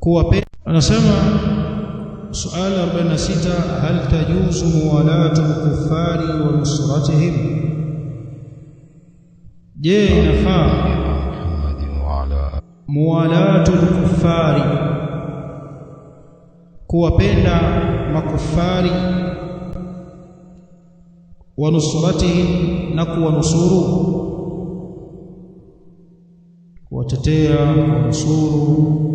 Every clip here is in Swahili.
kuwapenda. Anasema suala 46, hal tajuzu muwalatu kufari wa nusratihim, je, inafaa muwalatu kufari kuwapenda makufari wa nusratihim, na kuwanusuru, kuwatetea, kuwanusuru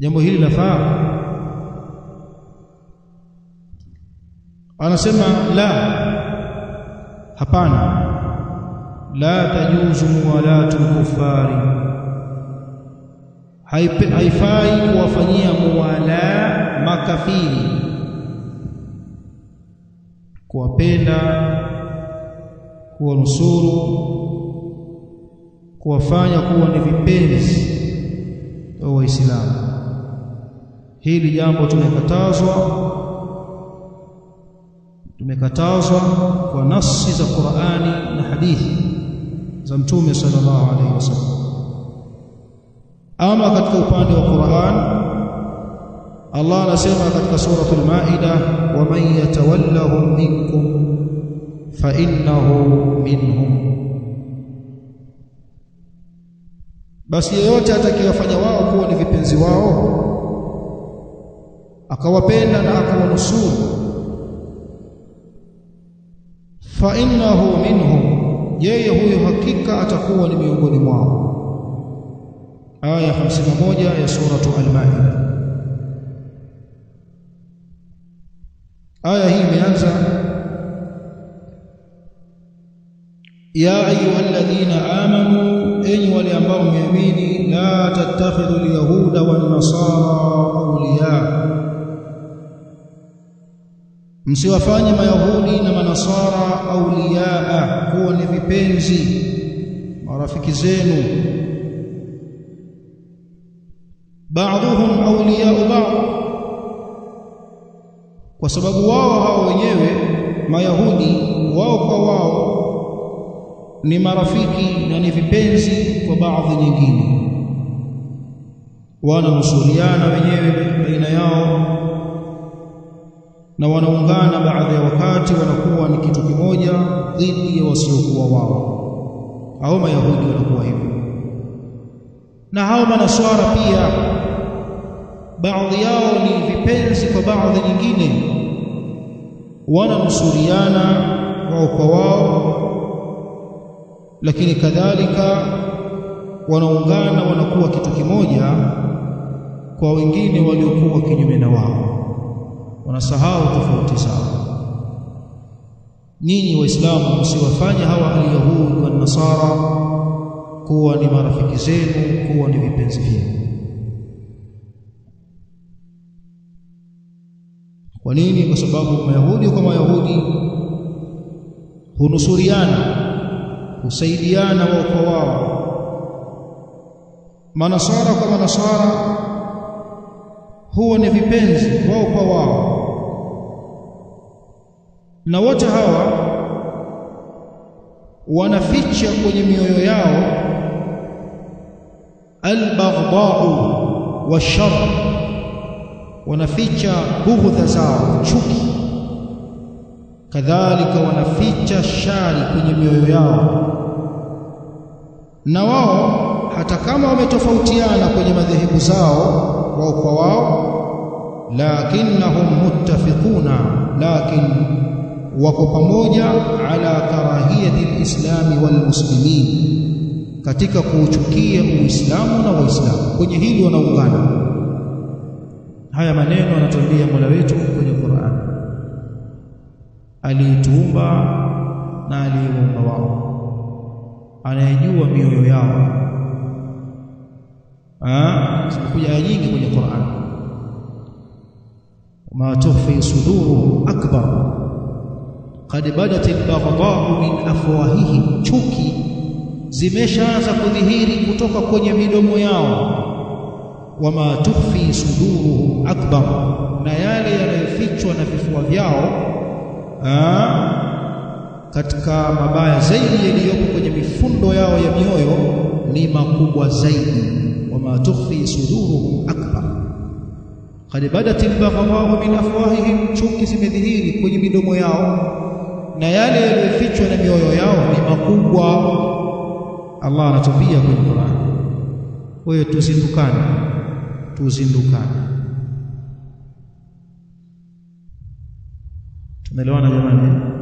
jambo hili lafaa anasema la hapana la tajuzu muwalatu kufari haifai kuwafanyia muwala makafiri kuwapenda kuwanusuru kuwafanya kuwa ni vipenzi wa waislamu Hili jambo tumekatazwa, tumekatazwa kwa nasi za Qur'ani na hadithi za Mtume sallallahu alaihi wasallam. Ama katika upande wa Qur'an, Allah anasema katika suratul Maida, wa man yatawallahum minkum fa innahu minhum basi yeyote atakayewafanya wao kuwa ni vipenzi wao akawapenda na akawanusuru fa innahu minhum yeye huyo hakika atakuwa ni miongoni mwao aya 51 ya suratu al-maida aya hii imeanza ya alladhina amanu enyi wale ambao mmeamini la tattakhidhu alyahuda wan-nasara awliya msiwafanye mayahudi na manasara auliyaa kuwa ni vipenzi marafiki zenu baadhihum auliyaa ba'd kwa sababu wao hao wenyewe mayahudi wao kwa wao ni marafiki na ni vipenzi kwa baadhi nyingine wana msuriana wenyewe baina yao na wanaungana baadhi ya wakati wanakuwa ni kitu kimoja dhidi ya wasiokuwa wao. Hao Mayahudi walikuwa hivyo, na hao Manaswara pia baadhi yao ni vipenzi kwa baadhi nyingine, wananusuriana wao kwa wao, lakini kadhalika wanaungana wanakuwa kitu kimoja kwa wengine waliokuwa kinyume na wao wanasahau tofauti zao. ninyi Waislamu msiwafanye hawa Alyahudi wa Nasara kuwa ni marafiki zenu, kuwa ni vipenzi vyenu. Kwa nini? Kwa sababu Mayahudi kwa Mayahudi hunusuriana, husaidiana wao kwa wao, Manasara kwa Manasara huwa ni vipenzi wao kwa wao na wote hawa wanaficha kwenye mioyo yao albaghdau washar, wanaficha bughdha zao, chuki. Kadhalika wanaficha shari kwenye mioyo yao. Na wao hata kama wametofautiana kwenye madhehebu zao wao kwa wao, lakinnahum muttafiquna, lakini wako pamoja ala karahiyati alislami walmuslimin, katika kuuchukia Uislamu na Waislamu, kwenye hili wanaungana. Haya maneno anatuambia Mola wetu kwenye Qur'an, aliituumba na aliyeumba wao, anayejua mioyo yao. Zimekuja aya nyingi kwenye Qur'an, ma tuhfi suduru akbar qad badat al-baghdha min afwahihi chuki zimeshaanza kudhihiri kutoka kwenye midomo yao. Wama tukhfi suduruhum akbar, na yale yanayofichwa na vifua vyao katika mabaya zaidi yaliyopo kwenye mifundo yao ya mioyo ni makubwa zaidi. Wama tukhfi suduruhum akbar qad badat al-baghdha min afwahihim, chuki zimedhihiri kwenye midomo yao na yale yaliyofichwa na mioyo yao ni makubwa. Allah anatupia kwenye Qur'an, wewe tuzindukane, tuzindukane. Tumeelewana jamani?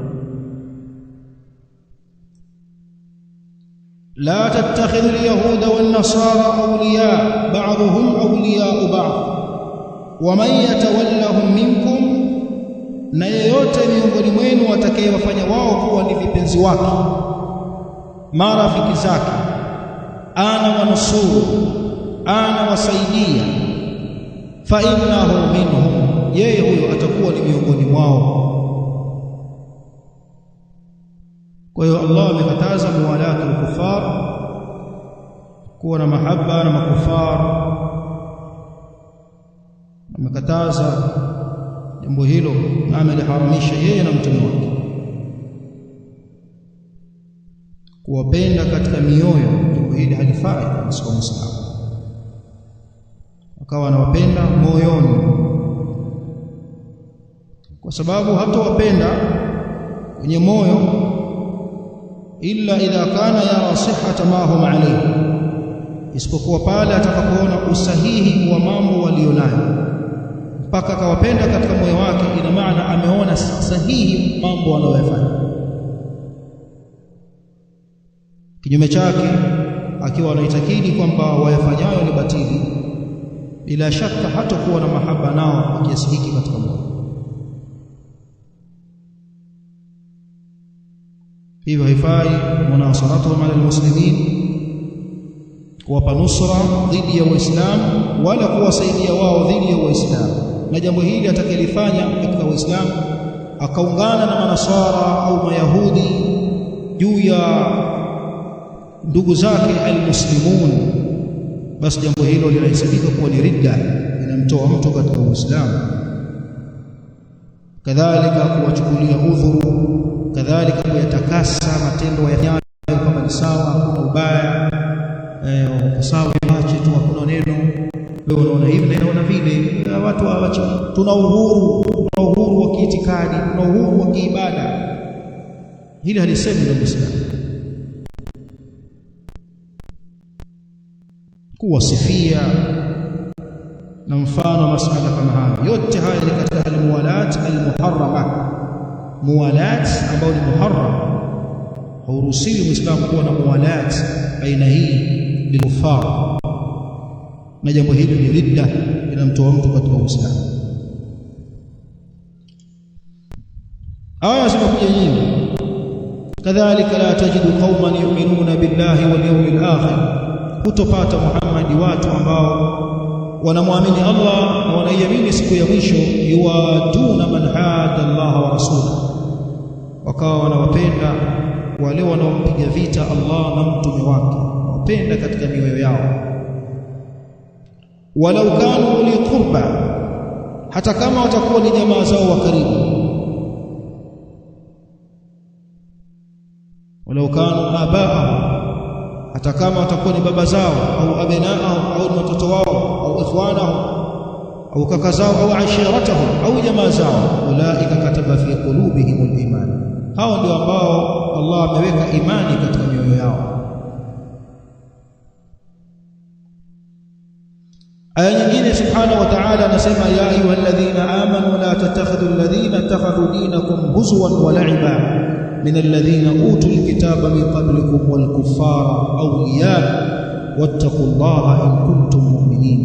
لا تتخذ اليهود والنصارى أولياء بعضهم أولياء بعض ومن يتولهم منكم na yeyote miongoni mwenu atakayewafanya wao kuwa ni vipenzi wake, marafiki zake, ana wanusuru, ana wasaidia, fa innahu minhum, yeye huyo atakuwa ni miongoni mwao. Kwa hiyo Allah amekataza muwalatu lkufar kuwa na mahaba na makufar, amekataza jambo hilo ameliharamisha yeye na mtume wake kuwapenda katika mioyo, jambo hili halifai kwa Muislamu. Akawa anawapenda moyoni, kwa sababu hatawapenda kwenye moyo illa idha kana yara sihata ma hum alayhi, isipokuwa pale atakapoona usahihi wa mambo walionayo mpaka akawapenda katika moyo wake, ina maana ameona sahihi mambo anayoyafanya. Kinyume chake, akiwa anaitakidi kwamba wayafanyayo ni batili, bila shaka hatakuwa na mahaba nao kwa kiasi hiki katika moyo. Hivyo haifai munasaratahum ala almuslimin, kuwapa nusra dhidi ya Waislamu wala kuwasaidia wao dhidi ya Waislamu na jambo hili atakalifanya katika Uislamu akaungana na manasara au mayahudi juu ya ndugu zake almuslimun, basi jambo hilo linahesabika kuwa ni ridda, inamtoa mtu katika Uislamu. Kadhalika kuwachukulia udhuru, kadhalika kuyatakasa matendo yayayo kama ni sawa, hakuna ubaya, eh, sawa wache tu, hakuna neno wewe unaona hivi na unaona vile. Watu hawachi, tuna uhuru, tuna uhuru wa kiitikadi, tuna uhuru wa kiibada. Hili halisemi na Muislamu kuwasifia na mfano masuala kama haya Yote haya ni katika almuwalat almuharrama, muwalat ambao ni muharram. Hauruhusiwi Muislamu kuwa na muwalat aina hii lilufar na jambo hili ni ridda, inamtoa mtu katika Uislamu. Aya zimekuja nyingi. Kadhalika, la tajidu qauman yuminuna billahi wal yawmil akhir, hutopata Muhammad watu ambao wanamwamini Allah na wanaiamini siku ya mwisho. Yuwaduna man hada Allah wa rasula wakawa wanawapenda wale wanaompiga vita Allah na mtume wake, wapenda katika mioyo yao ولو كانوا لقربى حتى كما تكون جماعة زوا قريب ولو كانوا آباء حتى كما تكون بابا زوا أو أبناءهم أو متتواهم أو إخوانهم أو كاكا زوا أو عشيرتهم أو جماعة زوا أولئك كتب في قلوبهم الإيمان هاو ديو الله الله مبيك إيماني كتب يوم يوم aya nyingine subhanahu wa ta'ala anasema ya ayyuhalladhina amanu la tattakhidhu alladhina ittakhadhu dinakum huzwan wa la'iba min alladhina utul kitaba min qablikum wal kuffara awliya wattaqullaha in kuntum mu'minin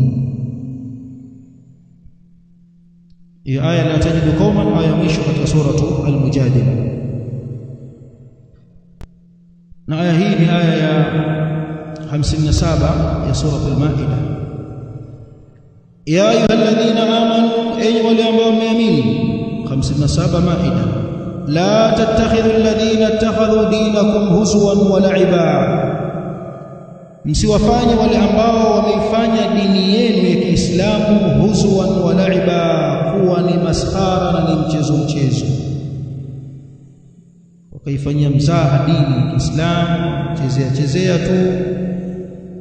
hii aya la tajidu qauman aya mwisho katika suratu al-mujadila na aya hii ni aya ya 57 ya suratul ma'idah ya ayyuhalladhina amanu, enyi wale ambao mmeamini. 57 Maida, la tattakhidhu alladhina ittakhadhu dinakum huzwan wa la'iba, msiwafanye wale ambao wameifanya dini yenu ya Kiislamu huzwan wa la'iba, kuwa ni maskhara na ni mchezo mchezo, wakaifanyia mzaha dini ya Kiislamu, chezea chezea tu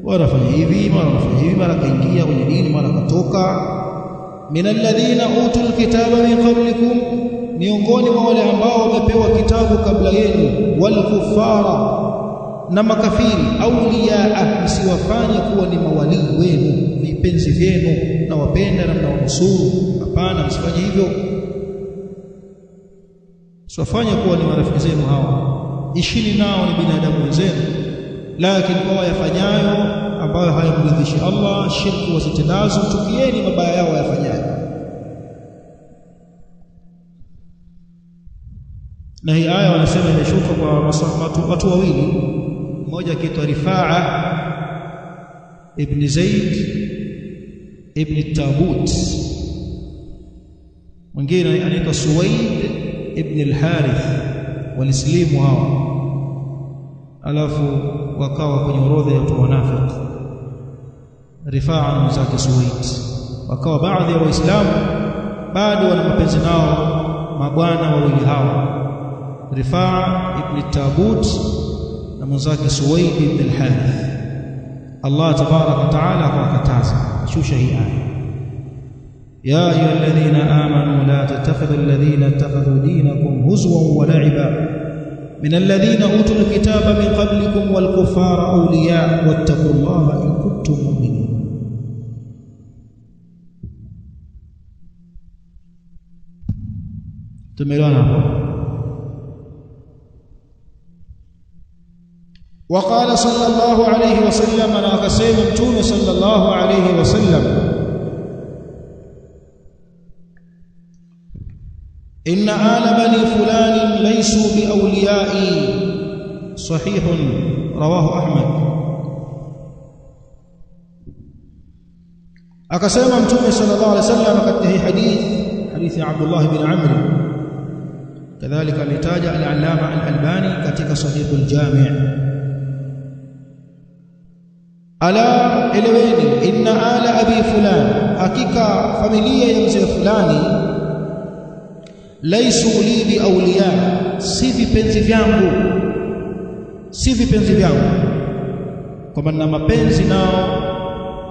wanafanya hivi mara wanafanya hivi mara kaingia kwenye dini mara katoka min alladhina utul kitaba min qablikum miongoni mwa wale ambao wamepewa kitabu kabla yenu wal kufara na makafiri auliyaa msiwafanye kuwa ni mawalii wenu vipenzi vyenu na wapenda na mnawanusuru hapana msifanye hivyo msiwafanye kuwa ni marafiki zenu hawa ishini nao ni binadamu wenzenu lakini kwa wayafanyayo ambayo hayamridhishi Allah, shirki wazitendazo chukieni mabaya yao wayafanyayo. Na hii aya wanasema imeshuka kwa watu wawili, mmoja akiitwa Rifaa ibni Zaid ibni Tabut, mwingine anaitwa Suwaid ibn lharith walislimu hawa alafu wakawa kwenye orodha ya wanafiki Rifaa na mwenzake wakawa baadhi ya waislamu bado wana mapenzi nao mabwana wawili hao Rifaa ibn Tabut na mwenzake Suwaid ibn al-Harith Allah tbaraka wa taala akawakataza shusha hii aya يا أيها amanu la tattakhidhu alladhina الذين dinakum huzwan wa la'iba من الذين أوتوا الكتاب من قبلكم والكفار أولياء واتقوا الله إن كنتم مؤمنين وقال صلى الله عليه وسلم أنا أكسيم صلى الله عليه وسلم إن آل بني فلان ليسوا بأوليائي صحيح رواه أحمد أكسام أمتم صلى الله عليه وسلم قد تهي حديث حديث عبد الله بن عمرو كذلك نتاج العلامة الألباني كتك صديق الجامع ألا إلى إلوين إن آل أبي فلان أكيكا فمليا يمزي فلاني laisu ulidi bi auliya, si vipenzi vyangu, si vipenzi vyangu, kwamba nina mapenzi nao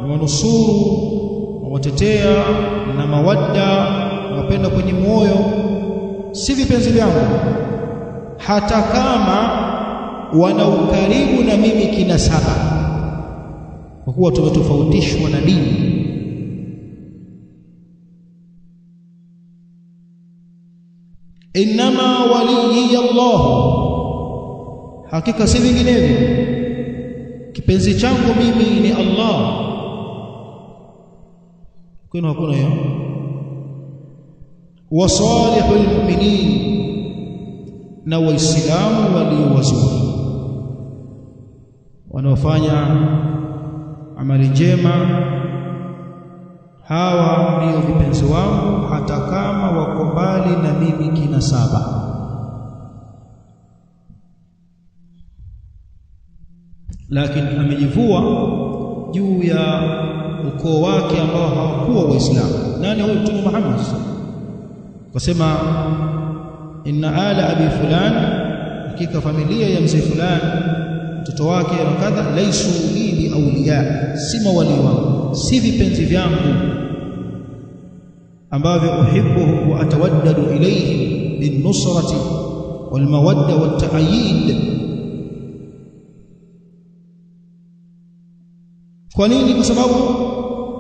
na wanusuru nawatetea na mawadda wapenda kwenye moyo, si vipenzi vyangu, hata kama wana ukaribu na mimi kinasaba, kwa kuwa tumetofautishwa na dini inama waliyi Allah, hakika si vinginevyo, kipenzi changu mimi ni Allah. Kwenu hakuna hiyo. Wa salihul mu'minin, na waislamu walio wazuri wanaofanya amali njema hawa ndio vipenzi wangu, hata kama wako mbali na mimi kina saba. Lakini amejivua juu ya ukoo wake ambao hawakuwa Waislamu. Nani huyu? Mtume Muhammad kasema, inna ala abi fulan hakika familia ya mzee fulani mtoto wake na kadha, laisu li biaulia auliya, si mawali wangu si vipenzi vyangu ambavyo uhibbuhu wa atawaddadu ilayhi binusrati walmawadda wattaayid. Kwa nini? Kwa sababu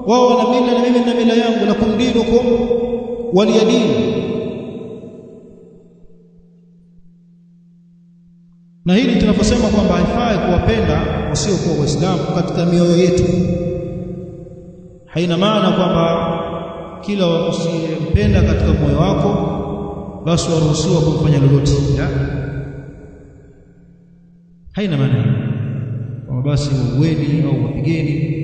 wao wana mila na mimi na mila yangu. Lakum dinukum waliya na hili tunaposema kwamba haifai kuwapenda wasiokuwa Waislamu katika mioyo yetu haina maana kwamba kila usiyempenda katika moyo wako basi waruhusiwa kumfanya lolote, haina maana kwamba basi uweni au upigeni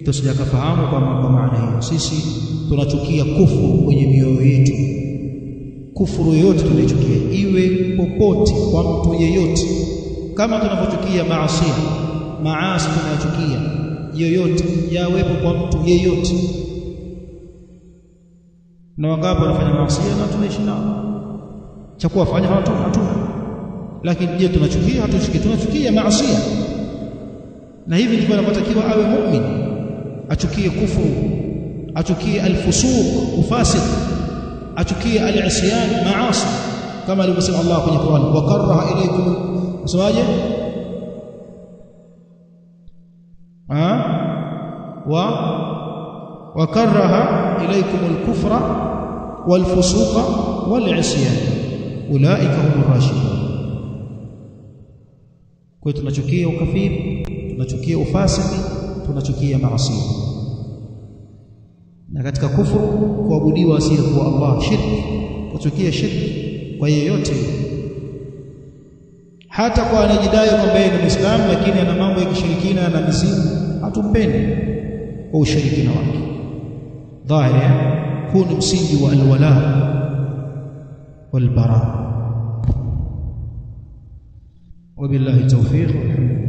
mtu sijakafahamu kwa maana hiyo. Sisi tunachukia kufuru kwenye mioyo yetu, kufuru yoyote tunaichukia, iwe popote kwa mtu yeyote, kama tunavyochukia maasi, maasi tunayochukia yoyote yawepo kwa mtu yeyote, na wangapi wanafanya maasi na tunaishi nao, cha kuwafanya hatuna. Lakini je, tunachukia? Hatuchuki, tunachukia maasi, na hivi ndivyo anavyotakiwa awe muumini, achukie kufru achukie alfusuq, ufasik, achukie alisyan, maasi, kama alivyosema Allah kwenye Qur'an, wa karaha ilaykum, wasemaje? wa wa karaha ilaykum alkufra walfusuqa walisyan ulaika humur rashidun kwa tunachukia ukafiri tunachukia ufasiki tunachukia maasi na katika kufuru kuabudiwa asiyekuwa Allah shirki kuchukia shirki kwa yeyote hata kwa anajidai kwamba yeye ni Muislamu lakini ana mambo ya kishirikina na misimu hatumpendi kwa ushirikina wake. Dhahiri huu ni msingi wa alwala walbara. Wabillahi tawfiq walhamdulillah